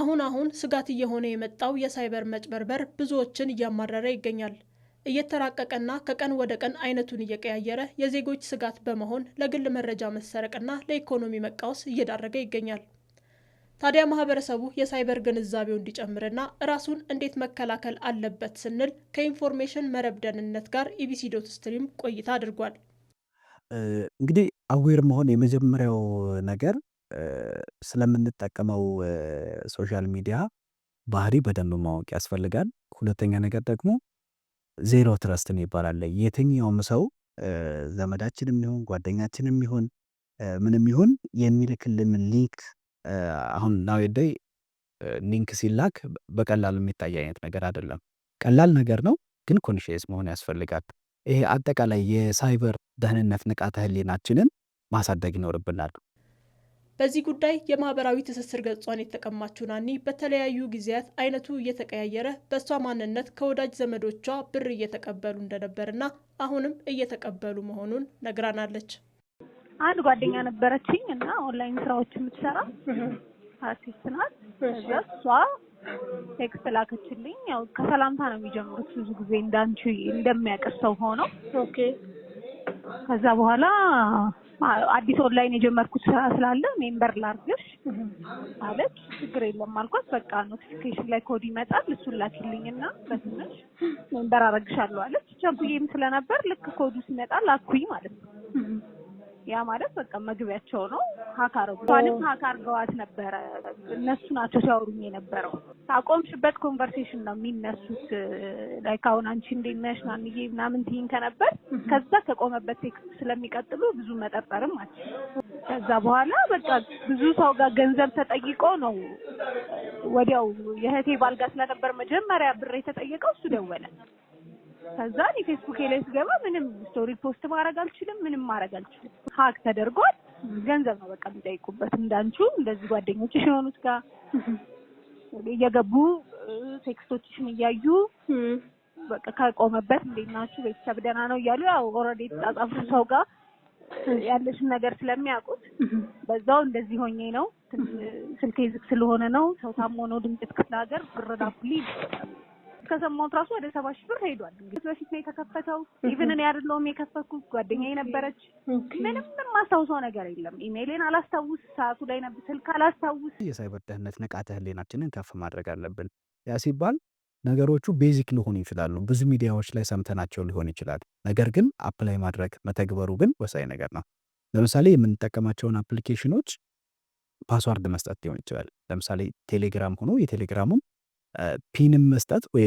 አሁን አሁን ስጋት እየሆነ የመጣው የሳይበር መጭበርበር ብዙዎችን እያማረረ ይገኛል። እየተራቀቀና ከቀን ወደ ቀን አይነቱን እየቀያየረ የዜጎች ስጋት በመሆን ለግል መረጃ መሰረቅና ለኢኮኖሚ መቃወስ እየዳረገ ይገኛል። ታዲያ ማህበረሰቡ የሳይበር ግንዛቤው እንዲጨምርና ራሱን እንዴት መከላከል አለበት ስንል ከኢንፎርሜሽን መረብ ደህንነት ጋር ኢቢሲ ዶት ስትሪም ቆይታ አድርጓል። እንግዲህ አዌር መሆን የመጀመሪያው ነገር ስለምንጠቀመው ሶሻል ሚዲያ ባህሪ በደንብ ማወቅ ያስፈልጋል። ሁለተኛ ነገር ደግሞ ዜሮ ትረስትን የሚባል የትኛውም ሰው ዘመዳችንም ይሁን ጓደኛችንም ይሁን ምንም ይሁን የሚልክልን ሊንክ አሁን ናው ደይ ሊንክ ሲላክ በቀላሉ የሚታይ አይነት ነገር አይደለም። ቀላል ነገር ነው፣ ግን ኮንሽስ መሆን ያስፈልጋል። ይሄ አጠቃላይ የሳይበር ደህንነት ንቃተ ህሊናችንን ማሳደግ ይኖርብናል። በዚህ ጉዳይ የማህበራዊ ትስስር ገጿን የተቀማችው ናኒ በተለያዩ ጊዜያት አይነቱ እየተቀያየረ በእሷ ማንነት ከወዳጅ ዘመዶቿ ብር እየተቀበሉ እንደነበርና አሁንም እየተቀበሉ መሆኑን ነግራናለች። አንድ ጓደኛ ነበረችኝ እና ኦንላይን ስራዎች የምትሰራ አርቲስት ናት። እሷ ቴክስት ላከችልኝ። ያው ከሰላምታ ነው የሚጀምሩት ብዙ ጊዜ እንዳንቺ እንደሚያቀርብ ሰው ሆኖ ኦኬ። ከዛ በኋላ አዲስ ኦንላይን የጀመርኩት ስራ ስላለ ሜምበር ላርግሽ ማለት ችግር የለም አልኳት። በቃ ኖቲፊኬሽን ላይ ኮድ ይመጣል እሱን ላኪልኝ እና በትንሽ ሜምበር አረግሻለሁ አለች። ቸኩዬም ስለነበር ልክ ኮዱ ሲመጣ ላኩኝ ማለት ነው። ያ ማለት በቃ መግቢያቸው ነው። ሀክ አረጉ። ሀክ አርገዋት ነበረ። እነሱ ናቸው ሲያወሩኝ የነበረው አቆምሽበት ኮንቨርሴሽን ነው የሚነሱት። ላይክ አሁን አንቺ እንዴት ነሽ ማምዬ ምናምን ትይኝ ከነበር ከዛ ከቆመበት ቴክስት ስለሚቀጥሉ ብዙ መጠርጠርም አለ። ከዛ በኋላ በቃ ብዙ ሰው ጋር ገንዘብ ተጠይቆ ነው ወዲያው የእህቴ ባልጋ ስለነበር መጀመሪያ ብር የተጠየቀው እሱ ደወለ። ከዛ እኔ ፌስቡክ ላይ ስገባ ምንም ስቶሪ ፖስት ማድረግ አልችልም፣ ምንም ማድረግ አልችልም። ሀክ ተደርጓል። ገንዘብ ነው በቃ የሚጠይቁበት እንዳንቹ እንደዚህ ጓደኞችሽ የሆኑት ጋር እየገቡ ቴክስቶችሽን እያዩ በቃ ከቆመበት እንዴት ናችሁ ቤተሰብ ደህና ነው እያሉ ያው ኦልሬዲ የተጻጻፉ ሰው ጋር ያለሽን ነገር ስለሚያውቁት በዛው እንደዚህ ሆኜ ነው ስልኬ ዝግ ስለሆነ ነው ሰው ታሞ ነው ድምጽ ክፍለ ሀገር ብር ላኩልኝ እስከሰማሁት ራሱ ወደ ሰባ ሺህ ብር ሄዷል። እንግዲህ በፊት ነው የተከፈተው። ኢቭን እኔ አይደለሁም የከፈትኩት ጓደኛዬ ነበረች። ምንም የማስታውሰው ነገር የለም። ኢሜይሌን አላስታውስ፣ ሰዓቱ ላይ ነበር ስልክ አላስታውስ። የሳይበር ደህንነት ንቃተ ህሊናችንን ከፍ ማድረግ አለብን። ያ ሲባል ነገሮቹ ቤዚክ ሊሆኑ ይችላሉ። ብዙ ሚዲያዎች ላይ ሰምተናቸው ሊሆን ይችላል። ነገር ግን አፕላይ ማድረግ መተግበሩ ግን ወሳኝ ነገር ነው። ለምሳሌ የምንጠቀማቸውን አፕሊኬሽኖች ፓስዋርድ መስጠት ሊሆን ይችላል። ለምሳሌ ቴሌግራም ሆኖ የቴሌግራሙም ፒንም መስጠት ወይ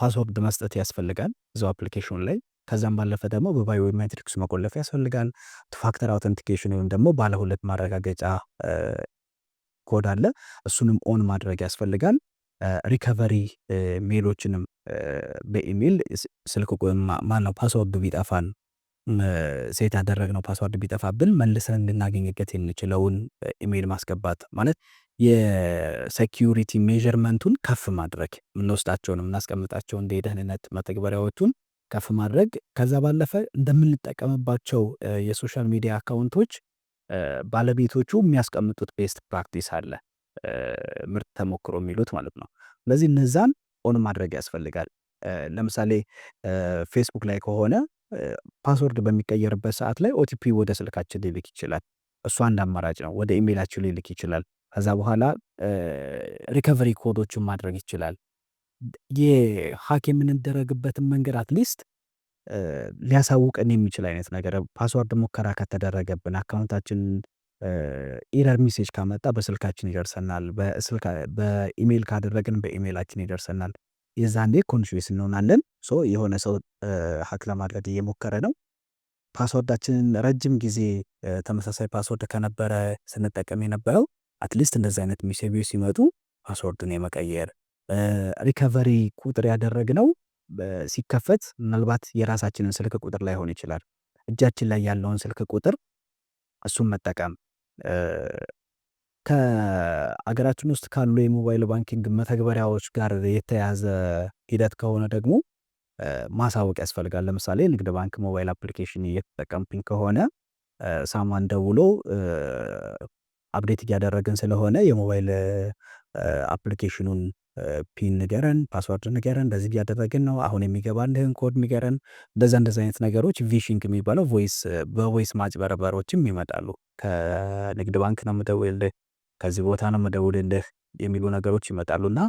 ፓስወርድ መስጠት ያስፈልጋል እዛው አፕሊኬሽን ላይ። ከዛም ባለፈ ደግሞ በባዮሜትሪክስ መቆለፍ ያስፈልጋል። ቱ ፋክተር አውተንቲኬሽን ወይም ደግሞ ባለሁለት ማረጋገጫ ኮድ አለ፣ እሱንም ኦን ማድረግ ያስፈልጋል። ሪከቨሪ ሜሎችንም በኢሜል ስልክ ማነው ፓስወርዱ ቢጠፋን ሴት ያደረግነው ፓስወርድ ቢጠፋብን መልሰን እንድናገኝበት የምንችለውን ኢሜል ማስገባት ማለት የሴኪዩሪቲ ሜዠርመንቱን ከፍ ማድረግ የምንወስዳቸውን የምናስቀምጣቸውን የደህንነት መተግበሪያዎቹን ከፍ ማድረግ ከዛ ባለፈ እንደምንጠቀምባቸው የሶሻል ሚዲያ አካውንቶች ባለቤቶቹ የሚያስቀምጡት ቤስት ፕራክቲስ አለ ምርጥ ተሞክሮ የሚሉት ማለት ነው። ስለዚህ እነዛን ኦን ማድረግ ያስፈልጋል። ለምሳሌ ፌስቡክ ላይ ከሆነ ፓስወርድ በሚቀየርበት ሰዓት ላይ ኦቲፒ ወደ ስልካችን ሊልክ ይችላል። እሱ አንድ አማራጭ ነው። ወደ ኢሜይላችን ሊልክ ይችላል። ከዛ በኋላ ሪከቨሪ ኮዶችን ማድረግ ይችላል። የሀክ የምንደረግበትን መንገድ አትሊስት ሊያሳውቀን የሚችል አይነት ነገር ፓስዋርድ ሙከራ ከተደረገብን አካውንታችን ኢረር ሜሴጅ ካመጣ በስልካችን ይደርሰናል። በኢሜይል ካደረግን በኢሜይላችን ይደርሰናል። የዛንዴ ኮንሽስ እንሆናለን። ሶ የሆነ ሰው ሀክ ለማድረግ እየሞከረ ነው። ፓስወርዳችንን ረጅም ጊዜ ተመሳሳይ ፓስወርድ ከነበረ ስንጠቀም የነበረው አትሊስት እንደዚህ አይነት ሚሴቢዎች ሲመጡ ፓስወርዱን የመቀየር ሪከቨሪ ቁጥር ያደረግነው ሲከፈት ምናልባት የራሳችንን ስልክ ቁጥር ላይሆን ይችላል። እጃችን ላይ ያለውን ስልክ ቁጥር እሱን መጠቀም ከአገራችን ውስጥ ካሉ የሞባይል ባንኪንግ መተግበሪያዎች ጋር የተያዘ ሂደት ከሆነ ደግሞ ማሳወቅ ያስፈልጋል። ለምሳሌ ንግድ ባንክ ሞባይል አፕሊኬሽን እየተጠቀምኩኝ ከሆነ ሳማን ደውሎ አፕዴት እያደረግን ስለሆነ የሞባይል አፕሊኬሽኑን ፒን ንገረን፣ ፓስወርድ ንገረን፣ እንደዚህ እያደረግን ነው፣ አሁን የሚገባልህን ኮድ ንገረን። እንደዚ እንደዚ አይነት ነገሮች ቪሽንግ የሚባለው ቮይስ በቮይስ ማጭበርበሮችም ይመጣሉ። ከንግድ ባንክ ነው የምደውልልህ፣ ከዚህ ቦታ ነው የምደውልልህ የሚሉ ነገሮች ይመጣሉ እና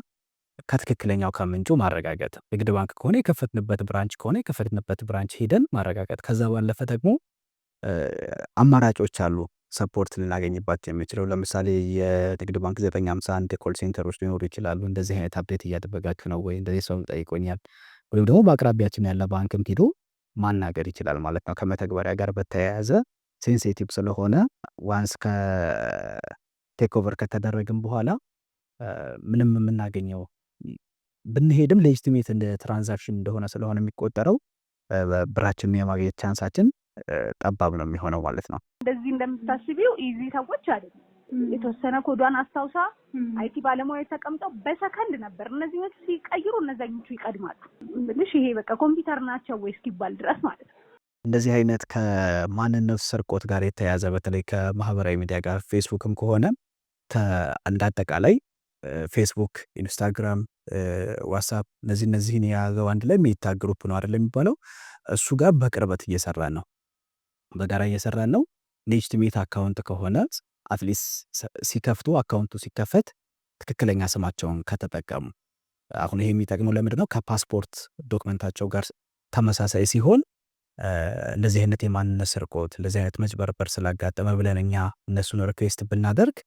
ከትክክለኛው ከምንጩ ማረጋገጥ ንግድ ባንክ ከሆነ የከፈትንበት ብራንች ከሆነ የከፈትንበት ብራንች ሄደን ማረጋገጥ። ከዛ ባለፈ ደግሞ አማራጮች አሉ። ሰፖርት ልናገኝባቸው የምችለው ለምሳሌ የንግድ ባንክ ዘጠኝ ሃምሳ አንድ የኮል ሴንተሮች ሊኖሩ ይችላሉ። እንደዚህ አይነት አፕዴት እያደረጋችሁ ነው ወይ እንደዚህ ሰው ጠይቆኛል። ወይም ደግሞ በአቅራቢያችን ያለ ባንክም ሄዶ ማናገር ይችላል ማለት ነው። ከመተግበሪያ ጋር በተያያዘ ሴንሴቲቭ ስለሆነ ዋንስ ከቴክ ኦቨር ከተደረግም በኋላ ምንም የምናገኘው ብንሄድም ሌጅቲሜት እንደ ትራንዛክሽን እንደሆነ ስለሆነ የሚቆጠረው ብራችን የማግኘት ቻንሳችን ጠባብ ነው የሚሆነው ማለት ነው። እንደዚህ እንደምታስቢው ኢዚ ሰዎች አይደለም። የተወሰነ ኮዷን አስታውሳ አይቲ ባለሙያዎች ተቀምጠው በሰከንድ ነበር። እነዚህኞቹ ሲቀይሩ እነዛኞቹ ይቀድማሉ። ምልሽ ይሄ በቃ ኮምፒውተር ናቸው ወይ እስኪባል ድረስ ማለት ነው። እንደዚህ አይነት ከማንነት ስርቆት ጋር የተያዘ በተለይ ከማህበራዊ ሚዲያ ጋር ፌስቡክም ከሆነ እንደ አጠቃላይ ፌስቡክ፣ ኢንስታግራም፣ ዋትሳፕ እነዚህ እነዚህን የያዘው አንድ ላይ ሜታ ግሩፕ ነው አይደለም የሚባለው እሱ ጋር በቅርበት እየሰራ ነው። በጋራ እየሰራን ነው። ሌጅትሜት አካውንት ከሆነ አትሊስት ሲከፍቱ አካውንቱ ሲከፈት ትክክለኛ ስማቸውን ከተጠቀሙ አሁን ይሄ የሚጠቅመው ለምንድን ነው? ከፓስፖርት ዶክመንታቸው ጋር ተመሳሳይ ሲሆን እንደዚህ አይነት የማንነት ስርቆት፣ እንደዚህ አይነት መጭበርበር ስላጋጠመ ብለን እኛ እነሱን ሪኩዌስት ብናደርግ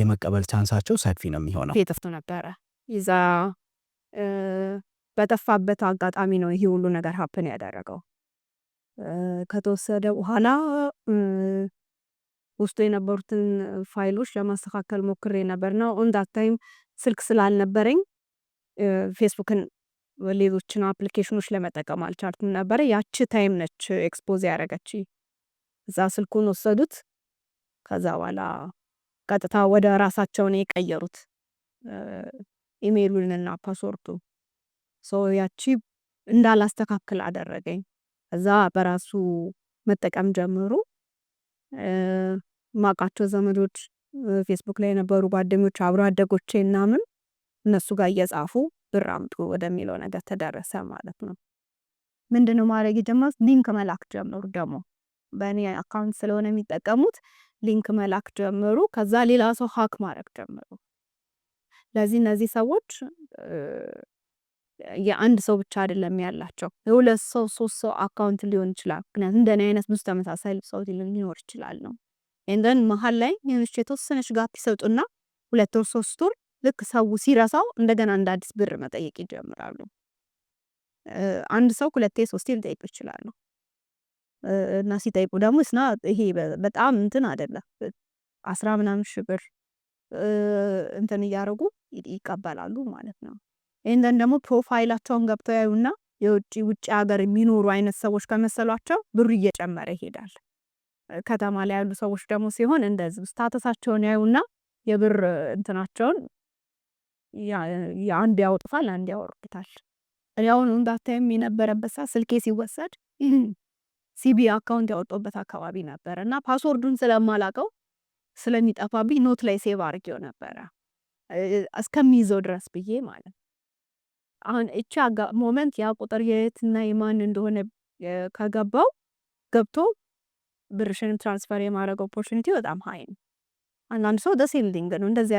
የመቀበል ቻንሳቸው ሰፊ ነው የሚሆነው። የጠፍቶ ነበረ ይዛ በጠፋበት አጋጣሚ ነው ይህ ሁሉ ነገር ሀፕን ያደረገው። ከተወሰደ በኋላ ውስጡ የነበሩትን ፋይሎች ለማስተካከል ሞክሬ ነበር ነው ዳት ታይም ስልክ ስላልነበረኝ ፌስቡክን ሌሎችን አፕሊኬሽኖች ለመጠቀም አልቻልኩም ነበረ። ያቺ ታይም ነች ኤክስፖዝ ያደረገች። እዛ ስልኩን ወሰዱት። ከዛ በኋላ ቀጥታ ወደ ራሳቸውን የቀየሩት ኢሜይሉንና ፓስወርዱ። ሰው ያቺ እንዳላስተካክል አደረገኝ። ከዛ በራሱ መጠቀም ጀምሩ ማቃቸው ዘመዶች ፌስቡክ ላይ የነበሩ ጓደኞች አብሮ አደጎቼ እናምን እነሱ ጋር እየጻፉ ብር አምጡ ወደሚለው ነገር ተደረሰ ማለት ነው። ምንድነው ማድረግ የጀመሩት? ሊንክ መላክ ጀመሩ። ደግሞ በእኔ አካውንት ስለሆነ የሚጠቀሙት ሊንክ መላክ ጀመሩ። ከዛ ሌላ ሰው ሀክ ማድረግ ጀመሩ። ለዚህ እነዚህ ሰዎች የአንድ ሰው ብቻ አይደለም ያላቸው የሁለት ሰው ሶስት ሰው አካውንት ሊሆን ይችላል። ምክንያቱም እንደኔ አይነት ብዙ ተመሳሳይ ሰው ሊኖር ይችላል ነው እንደን መሀል ላይ የሆነች የተወሰነች ጋፕ ይሰጡና ሁለት ወር ሶስት ወር ልክ ሰው ሲረሳው እንደገና እንደ አዲስ ብር መጠየቅ ይጀምራሉ። አንድ ሰው ሁለቴ ሶስቴ ሊጠይቁ ይችላሉ። እና ሲጠይቁ ደግሞ ስና ይሄ በጣም እንትን አደለ አስራ ምናምን ሺህ ብር እንትን እያደረጉ ይቀበላሉ ማለት ነው። ይህንን ደግሞ ፕሮፋይላቸውን ገብተው ያዩና የውጭ ውጭ ሀገር የሚኖሩ አይነት ሰዎች ከመሰሏቸው ብሩ እየጨመረ ይሄዳል። ከተማ ላይ ያሉ ሰዎች ደግሞ ሲሆን እንደዚህ ስታተሳቸውን ያዩና የብር እንትናቸውን አንድ ያውጥፋል፣ አንድ ያወርዱታል። ያሁን እንዳታይም የነበረበት ሰዓት ስልኬ ሲወሰድ ሲቢ አካውንት ያወጡበት አካባቢ ነበረ እና ፓስወርዱን ስለማላቀው ስለሚጠፋብኝ ኖት ላይ ሴቭ አድርጌው ነበረ እስከሚይዘው ድረስ ብዬ ማለት አሁን እቺ ሞመንት ያ ቁጥር የትና የማን እንደሆነ ከገባው ገብቶ ብርሽን ትራንስፈር የማድረግ ኦፖርቹኒቲ በጣም ሀይ ነው። አንዳንድ ሰው ደሴም ሊንግ ነው እንደዚ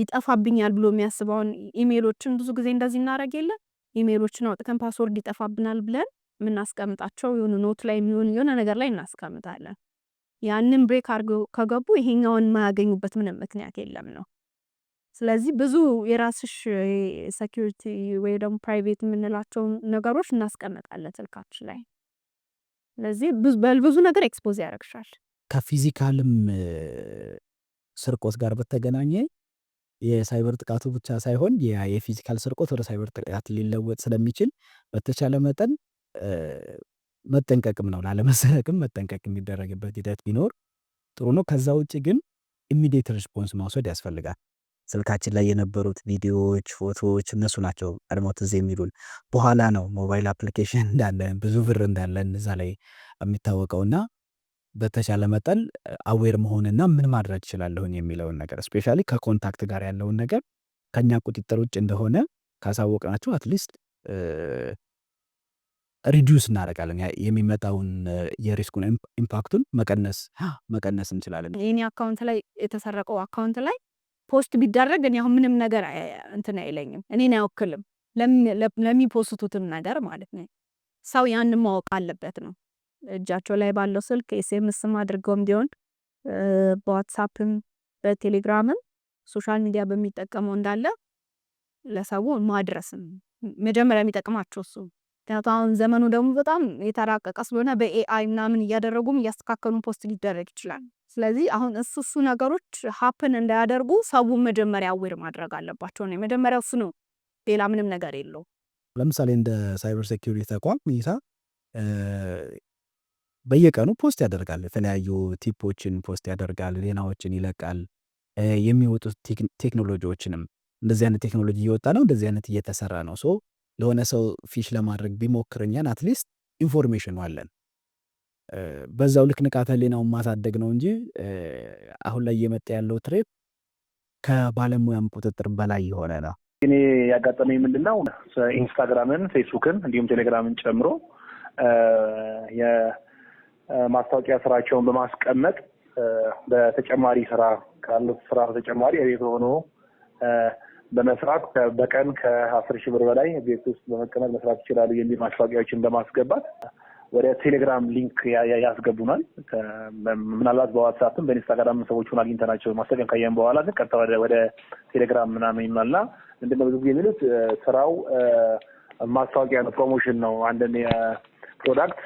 ይጠፋብኛል ብሎ የሚያስበውን ኢሜሎችን ብዙ ጊዜ እንደዚህ እናደረግ የለን ኢሜሎችን አውጥተን ፓስወርድ ይጠፋብናል ብለን የምናስቀምጣቸው የሆነ ኖት ላይ የሚሆን የሆነ ነገር ላይ እናስቀምጣለን። ያንን ብሬክ አድርገው ከገቡ ይሄኛውን የማያገኙበት ምንም ምክንያት የለም ነው። ስለዚህ ብዙ የራስሽ ሴኪሪቲ ወይ ደግሞ ፕራይቬት የምንላቸውን ነገሮች እናስቀምጣለን ስልካችን ላይ። ስለዚህ በብዙ ነገር ኤክስፖዝ ያደርግሻል። ከፊዚካልም ስርቆት ጋር በተገናኘ የሳይበር ጥቃቱ ብቻ ሳይሆን የፊዚካል ስርቆት ወደ ሳይበር ጥቃት ሊለወጥ ስለሚችል በተቻለ መጠን መጠንቀቅም ነው ላለመሰረቅም መጠንቀቅ የሚደረግበት ሂደት ቢኖር ጥሩ ነው። ከዛ ውጭ ግን ኢሚዲየት ሪስፖንስ መውሰድ ያስፈልጋል። ስልካችን ላይ የነበሩት ቪዲዮዎች፣ ፎቶዎች እነሱ ናቸው ቀድመው ትዝ የሚሉን። በኋላ ነው ሞባይል አፕሊኬሽን እንዳለን ብዙ ብር እንዳለን እዛ ላይ የሚታወቀው እና በተቻለ መጠን አዌር መሆንና ምን ማድረግ እችላለሁኝ የሚለውን ነገር እስፔሻሊ ከኮንታክት ጋር ያለውን ነገር ከእኛ ቁጥጥር ውጭ እንደሆነ ካሳወቅናቸው አትሊስት ሪዲዩስ እናደርጋለን። የሚመጣውን የሪስኩን ኢምፓክቱን መቀነስ መቀነስ እንችላለን። የኔ አካውንት ላይ የተሰረቀው አካውንት ላይ ፖስት ቢደረግ እኔ አሁን ምንም ነገር እንትን አይለኝም፣ እኔን አይወክልም። ለሚፖስቱትም ነገር ማለት ነው። ሰው ያን ማወቅ አለበት ነው። እጃቸው ላይ ባለው ስልክ ኤስኤምስም አድርገውም ቢሆን በዋትሳፕም በቴሌግራምም ሶሻል ሚዲያ በሚጠቀመው እንዳለ ለሰው ማድረስም መጀመሪያ የሚጠቅማቸው እሱ ምክንያቱም አሁን ዘመኑ ደግሞ በጣም የተራቀቀ ስለሆነ በኤአይ ምናምን እያደረጉም እያስተካከሉ ፖስት ሊደረግ ይችላል። ስለዚህ አሁን እሱ እሱ ነገሮች ሀፕን እንዳያደርጉ ሰው መጀመሪያ አዌር ማድረግ አለባቸው ነው የመጀመሪያው እሱ ነው። ሌላ ምንም ነገር የለው። ለምሳሌ እንደ ሳይበር ሴኪሪቲ ተቋም ይሳ በየቀኑ ፖስት ያደርጋል። የተለያዩ ቲፖችን ፖስት ያደርጋል፣ ዜናዎችን ይለቃል። የሚወጡት ቴክኖሎጂዎችንም እንደዚህ አይነት ቴክኖሎጂ እየወጣ ነው፣ እንደዚህ አይነት እየተሰራ ነው። ለሆነ ሰው ፊሽ ለማድረግ ቢሞክር እኛን አትሊስት ኢንፎርሜሽን አለን። በዛው ልክ ንቃተ ሌናውን ማሳደግ ነው እንጂ አሁን ላይ እየመጣ ያለው ትሬፕ ከባለሙያም ቁጥጥር በላይ የሆነ ነው። እኔ ያጋጠመኝ ምንድነው ኢንስታግራምን፣ ፌስቡክን እንዲሁም ቴሌግራምን ጨምሮ የማስታወቂያ ስራቸውን በማስቀመጥ በተጨማሪ ስራ ካሉት ስራ በተጨማሪ የቤት ሆኖ በመስራት በቀን ከአስር ሺህ ብር በላይ ቤት ውስጥ በመቀመጥ መስራት ይችላሉ የሚል ማስታወቂያዎችን በማስገባት ወደ ቴሌግራም ሊንክ ያስገቡናል። ምናልባት በዋትሳፕም በኢንስታግራም ሰዎቹን አግኝተናቸው ማስታወቂያ ካየን በኋላ ግን ቀጥታ ወደ ቴሌግራም ምናምን ይመልና ምንድን ብዙ ጊዜ የሚሉት ስራው ማስታወቂያ ነው፣ ፕሮሞሽን ነው፣ አንድን የፕሮዳክት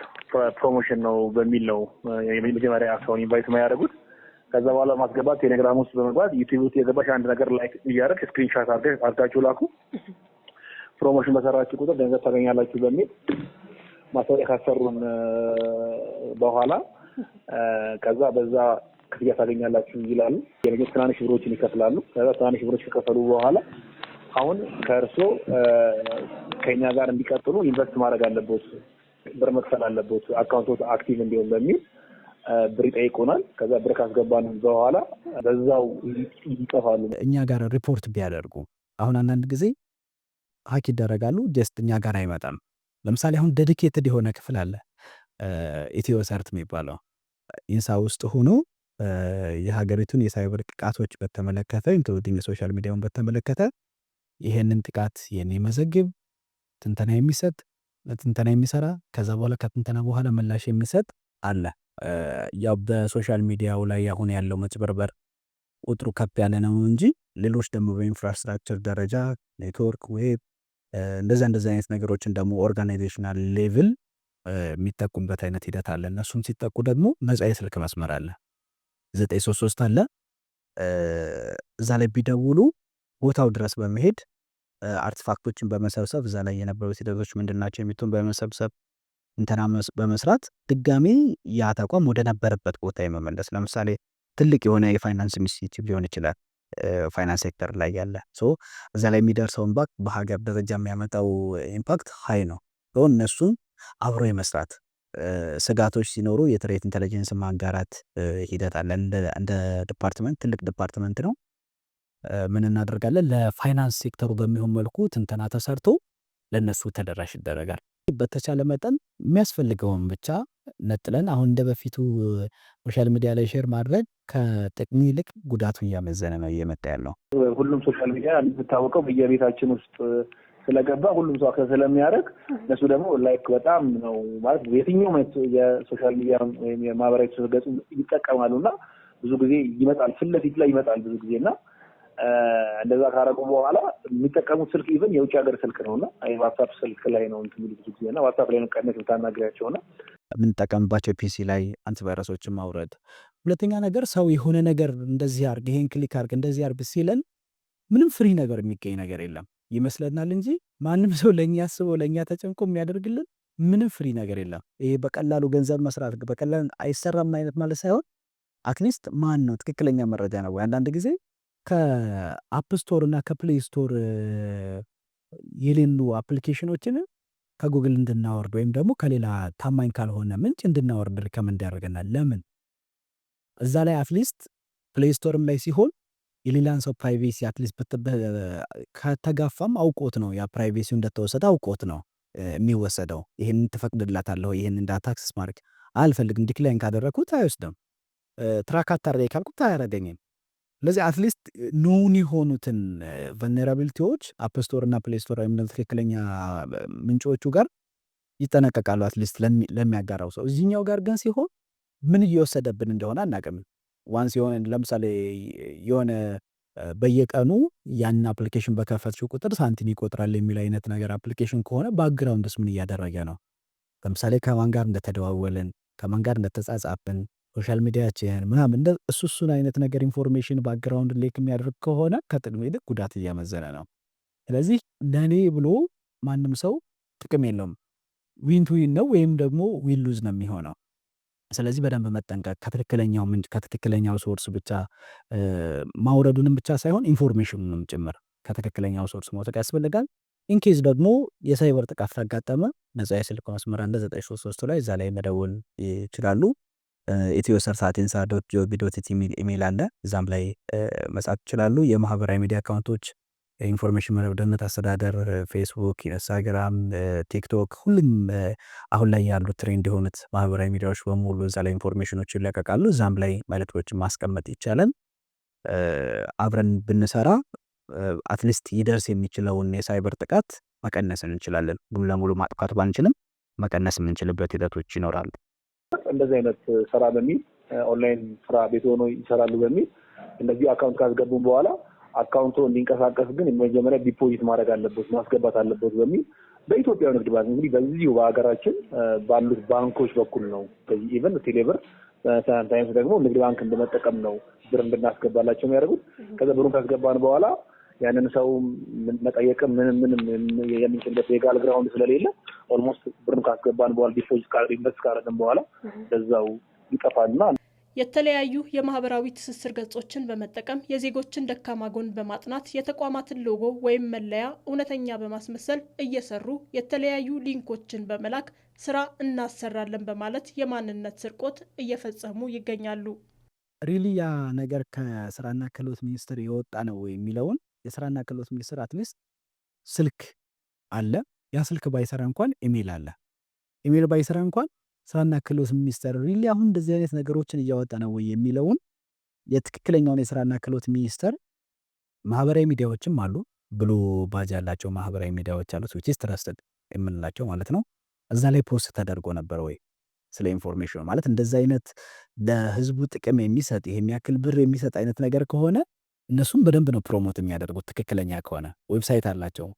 ፕሮሞሽን ነው በሚል ነው የመጀመሪያ ሰውን ኢንቫይት ነው ያደረጉት። ከዛ በኋላ ማስገባት ቴሌግራም ውስጥ በመግባት ዩቲብ ውስጥ የገባሽ አንድ ነገር ላይክ እያደረግ ስክሪንሻት አርገ አርጋችሁ ላኩ። ፕሮሞሽን በሰራችሁ ቁጥር ገንዘብ ታገኛላችሁ በሚል ማስታወቂያ ካሰሩን በኋላ ከዛ በዛ ክፍያ ታገኛላችሁ ይላሉ። የመጀመሪያ ትናንሽ ብሮችን ይከፍላሉ። ከዛ ትናንሽ ብሮች ከከፈሉ በኋላ አሁን ከእርሶ ከኛ ጋር እንዲቀጥሉ ኢንቨስት ማድረግ አለበት፣ ብር መክፈል አለበት፣ አካውንቶት አክቲቭ እንዲሆን በሚል ብር ይጠይቁናል። ከዛ ብር ካስገባን በኋላ በዛው ይጠፋሉ። እኛ ጋር ሪፖርት ቢያደርጉ አሁን አንዳንድ ጊዜ ሀክ ይደረጋሉ፣ ጀስት እኛ ጋር አይመጣም። ለምሳሌ አሁን ዴዲኬትድ የሆነ ክፍል አለ ኢትዮ ሰርት የሚባለው ኢንሳ ውስጥ ሆኖ የሀገሪቱን የሳይበር ጥቃቶች በተመለከተ ኢንክሉዲንግ ሶሻል ሚዲያውን በተመለከተ ይህንን ጥቃት የሚመዘግብ ትንተና የሚሰጥ ትንተና የሚሰራ ከዛ በኋላ ከትንተና በኋላ ምላሽ የሚሰጥ አለ። ያው በሶሻል ሚዲያው ላይ አሁን ያለው መጭበርበር ቁጥሩ ከፍ ያለ ነው እንጂ ሌሎች ደግሞ በኢንፍራስትራክቸር ደረጃ ኔትወርክ፣ ዌብ እንደዛ እንደዛ አይነት ነገሮችን ደግሞ ኦርጋናይዜሽናል ሌቭል የሚጠቁምበት አይነት ሂደት አለ። እነሱም ሲጠቁ ደግሞ ነፃ የስልክ መስመር አለ ዘጠኝ ሶስት ሶስት አለ። እዛ ላይ ቢደውሉ ቦታው ድረስ በመሄድ አርትፋክቶችን በመሰብሰብ እዛ ላይ የነበሩት ሂደቶች ምንድናቸው የሚቱን በመሰብሰብ እንተና በመስራት ድጋሜ ያ ተቋም ወደ ነበረበት ቦታ የመመለስ ለምሳሌ ትልቅ የሆነ የፋይናንስ ኢንስቲትዩት ሊሆን ይችላል። ፋይናንስ ሴክተር ላይ ያለ እዛ ላይ የሚደርሰው ኢምፓክት በሀገር ደረጃ የሚያመጣው ኢምፓክት ሀይ ነው። እነሱን አብሮ የመስራት ስጋቶች ሲኖሩ የትሬት ኢንተለጀንስ ማጋራት ሂደት አለ። እንደ ዲፓርትመንት ትልቅ ዲፓርትመንት ነው። ምን እናደርጋለን? ለፋይናንስ ሴክተሩ በሚሆን መልኩ ትንተና ተሰርቶ ለእነሱ ተደራሽ ይደረጋል። በተቻለ መጠን የሚያስፈልገውን ብቻ ነጥለን አሁን እንደ በፊቱ ሶሻል ሚዲያ ላይ ሼር ማድረግ ከጥቅሙ ይልቅ ጉዳቱ እያመዘነ ነው እየመጣ ያለው። ሁሉም ሶሻል ሚዲያ የምታወቀው በየቤታችን ውስጥ ስለገባ ሁሉም ሰው አክሰስ ስለሚያደርግ እነሱ ደግሞ ላይክ በጣም ነው ማለት የትኛውም የሶሻል ሚዲያ ወይም የማህበራዊ ገጽ ይጠቀማሉ እና ብዙ ጊዜ ይመጣል፣ ፊት ለፊት ላይ ይመጣል ብዙ ጊዜ እና እንደዛ ካረጉ በኋላ የሚጠቀሙት ስልክ ኢቨን የውጭ ሀገር ስልክ ነው እና ዋትሳፕ ስልክ ላይ ነው እንትን ብዙ ጊዜ እና ዋትሳፕ ላይ ነው ቀነት ብታናግሪያቸው እና የምንጠቀምባቸው ፒሲ ላይ አንቲቫይረሶችን ማውረድ። ሁለተኛ ነገር ሰው የሆነ ነገር እንደዚህ አርግ፣ ይሄን ክሊክ አርግ፣ እንደዚህ አርግ ሲለን ምንም ፍሪ ነገር የሚገኝ ነገር የለም ይመስለናል እንጂ ማንም ሰው ለእኛ አስቦ ለእኛ ተጨንቆ የሚያደርግልን ምንም ፍሪ ነገር የለም። ይሄ በቀላሉ ገንዘብ መስራት በቀላል አይሰራም አይነት ማለት ሳይሆን አትሊስት ማን ነው ትክክለኛ መረጃ ነው ወይ አንዳንድ ጊዜ ከአፕ ስቶር እና ከፕሌይ ስቶር የሌሉ አፕሊኬሽኖችን ከጉግል እንድናወርድ ወይም ደግሞ ከሌላ ታማኝ ካልሆነ ምንጭ እንድናወርድ ሪከመንድ ያደርገናል። ለምን እዛ ላይ አትሊስት ፕሌይ ስቶርም ላይ ሲሆን የሌላን ሰው ፕራይቬሲ አትሊስት ከተጋፋም አውቆት ነው ያ ፕራይቬሲ እንደተወሰደ አውቆት ነው የሚወሰደው። ይህን ትፈቅድላታለሁ ይህን እንደ አክሰስ ማድረግ አልፈልግም ዲክላይን ካደረግኩት አይወስድም። ትራክ አታርገኝ ካልኩት አያረገኝም። ስለዚህ አትሊስት ኖውን የሆኑትን ቨልኔራቢሊቲዎች አፕስቶር እና ፕሌስቶር ወይም ትክክለኛ ምንጮቹ ጋር ይጠነቀቃሉ። አትሊስት ለሚያጋራው ሰው እዚህኛው ጋር ግን ሲሆን ምን እየወሰደብን እንደሆነ አናቅም። ዋንስ የሆነ ለምሳሌ የሆነ በየቀኑ ያን አፕሊኬሽን በከፈትሽው ቁጥር ሳንቲም ይቆጥራል የሚል አይነት ነገር አፕሊኬሽን ከሆነ ባክግራውንድስ ምን እያደረገ ነው? ለምሳሌ ከማን ጋር እንደተደዋወልን ከማን ጋር እንደተጻጻፍን ሶሻል ሚዲያችን ምናምን እንደ እሱ እሱን አይነት ነገር ኢንፎርሜሽን ባክግራውንድ ሌክ የሚያደርግ ከሆነ ከጥቅም ይልቅ ጉዳት እያመዘነ ነው። ስለዚህ ለእኔ ብሎ ማንም ሰው ጥቅም የለውም። ዊን ቱ ዊን ነው ወይም ደግሞ ዊን ሉዝ ነው የሚሆነው። ስለዚህ በደንብ መጠንቀቅ ከትክክለኛው ምንጭ ከትክክለኛው ሶርስ ብቻ ማውረዱንም ብቻ ሳይሆን ኢንፎርሜሽኑንም ጭምር ከትክክለኛው ሶርስ መውሰድ ያስፈልጋል። ኢንኬዝ ደግሞ የሳይበር ጥቃት ካጋጠመ ነጻ የስልክ መስመር አንድ ዘጠኝ ሶስት ሶስቱ ላይ እዛ ላይ መደውል ይችላሉ። ኢትዮ ሰርሳቴን ሳ ዶት ጂኦቢ ዶት ኢቲ የሚል ኢሜል አለ። እዛም ላይ መጻፍ ይችላሉ። የማህበራዊ ሚዲያ አካውንቶች ኢንፎርሜሽን መረብ ደህንነት አስተዳደር፣ ፌስቡክ፣ ኢንስታግራም፣ ቲክቶክ ሁሉም አሁን ላይ ያሉ ትሬንድ የሆኑት ማህበራዊ ሚዲያዎች በሙሉ እዛ ላይ ኢንፎርሜሽኖች ይለቀቃሉ። እዛም ላይ መልእክቶችን ማስቀመጥ ይቻላል። አብረን ብንሰራ አትሊስት ይደርስ የሚችለውን የሳይበር ጥቃት መቀነስ እንችላለን። ሙሉ ለሙሉ ማጥፋት ባንችልም መቀነስ የምንችልበት ሂደቶች ይኖራሉ። እንደዚህ አይነት ስራ በሚል ኦንላይን ስራ ቤት ሆኖ ይሰራሉ በሚል እንደዚሁ አካውንት ካስገቡም በኋላ አካውንቱ እንዲንቀሳቀስ ግን መጀመሪያ ዲፖዚት ማድረግ አለበት ማስገባት አለበት በሚል በኢትዮጵያ ንግድ ባንክ እንግዲህ በዚሁ በሀገራችን ባሉት ባንኮች በኩል ነው። ኢቨን ቴሌብር ሳንታይምስ ደግሞ ንግድ ባንክ እንደመጠቀም ነው ብር እንድናስገባላቸው የሚያደርጉት። ከዛ ብሩን ካስገባን በኋላ ያንን ሰው መጠየቅም ምንም ምንም የምንችልበት የጋል ግራውንድ ስለሌለ ኦልሞስት ብርን ካስገባን በኋላ ዲፖዚት ኢንቨስት ካረግን በኋላ በዛው ይጠፋልና የተለያዩ የማህበራዊ ትስስር ገጾችን በመጠቀም የዜጎችን ደካማ ጎን በማጥናት የተቋማትን ሎጎ ወይም መለያ እውነተኛ በማስመሰል እየሰሩ የተለያዩ ሊንኮችን በመላክ ስራ እናሰራለን በማለት የማንነት ስርቆት እየፈጸሙ ይገኛሉ። ሪሊ ያ ነገር ከስራና ክህሎት ሚኒስቴር የወጣ ነው የሚለውን የስራና ክህሎት ሚኒስቴር አትሊስት ስልክ አለ። ያ ስልክ ባይሰራ እንኳን ኢሜል አለ። ኢሜል ባይሰራ እንኳን ስራና ክህሎት ሚኒስቴር ሪሊ አሁን እንደዚህ አይነት ነገሮችን እያወጣ ነው ወይ የሚለውን የትክክለኛውን የስራና ክህሎት ሚኒስቴር ማህበራዊ ሚዲያዎችም አሉ። ብሉ ባጅ ያላቸው ማህበራዊ ሚዲያዎች አሉ። ስዊችስ ትረስትድ የምንላቸው ማለት ነው። እዛ ላይ ፖስት ተደርጎ ነበር ወይ ስለ ኢንፎርሜሽን ማለት እንደዚ አይነት ለህዝቡ ጥቅም የሚሰጥ ይሄ የሚያክል ብር የሚሰጥ አይነት ነገር ከሆነ እነሱም በደንብ ነው ፕሮሞት የሚያደርጉት። ትክክለኛ ከሆነ ዌብሳይት አላቸው።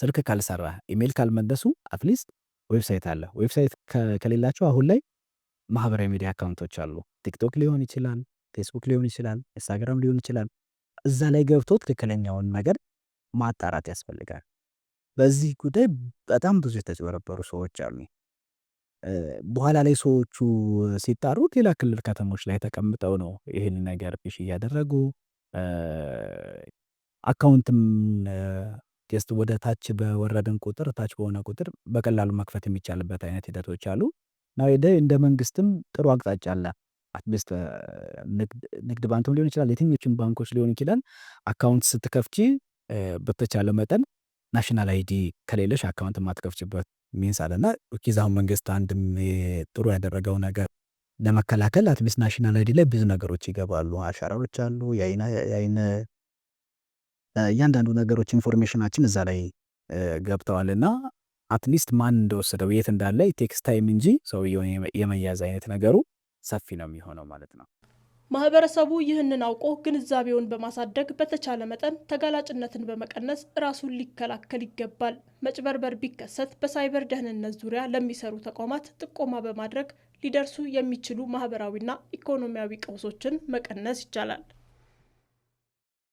ስልክ ካልሰራ ኢሜል ካልመለሱ አትሊስት ዌብሳይት አለ። ዌብሳይት ከሌላቸው አሁን ላይ ማህበራዊ ሚዲያ አካውንቶች አሉ። ቲክቶክ ሊሆን ይችላል፣ ፌስቡክ ሊሆን ይችላል፣ ኢንስታግራም ሊሆን ይችላል። እዛ ላይ ገብቶ ትክክለኛውን ነገር ማጣራት ያስፈልጋል። በዚህ ጉዳይ በጣም ብዙ የተጭበረበሩ ሰዎች አሉ። በኋላ ላይ ሰዎቹ ሲጣሩ ሌላ ክልል ከተሞች ላይ ተቀምጠው ነው ይህን ነገር ፊሽ እያደረጉ አካውንትም ቴስት ወደ ታች በወረድን ቁጥር ታች በሆነ ቁጥር በቀላሉ መክፈት የሚቻልበት አይነት ሂደቶች አሉ። ናዊደ እንደ መንግስትም ጥሩ አቅጣጫ አለ። አትሊስት ንግድ ባንክም ሊሆን ይችላል የትኞችን ባንኮች ሊሆን ይችላል። አካውንት ስትከፍቺ በተቻለ መጠን ናሽናል አይዲ ከሌለሽ አካውንት ማትከፍችበት ሚንስ አለና ኪዛሁን መንግስት አንድም ጥሩ ያደረገው ነገር ለመከላከል አትሊስት ናሽናል አይዲ ላይ ብዙ ነገሮች ይገባሉ። አሻራሮች አሉ፣ የአይን እያንዳንዱ ነገሮች ኢንፎርሜሽናችን እዛ ላይ ገብተዋል እና አትሊስት ማን እንደወሰደው የት እንዳለ ቴክስት ታይም እንጂ ሰውየው የመያዝ አይነት ነገሩ ሰፊ ነው የሚሆነው ማለት ነው። ማህበረሰቡ ይህንን አውቆ ግንዛቤውን በማሳደግ በተቻለ መጠን ተጋላጭነትን በመቀነስ ራሱን ሊከላከል ይገባል። መጭበርበር ቢከሰት በሳይበር ደህንነት ዙሪያ ለሚሰሩ ተቋማት ጥቆማ በማድረግ ሊደርሱ የሚችሉ ማህበራዊና ኢኮኖሚያዊ ቀውሶችን መቀነስ ይቻላል።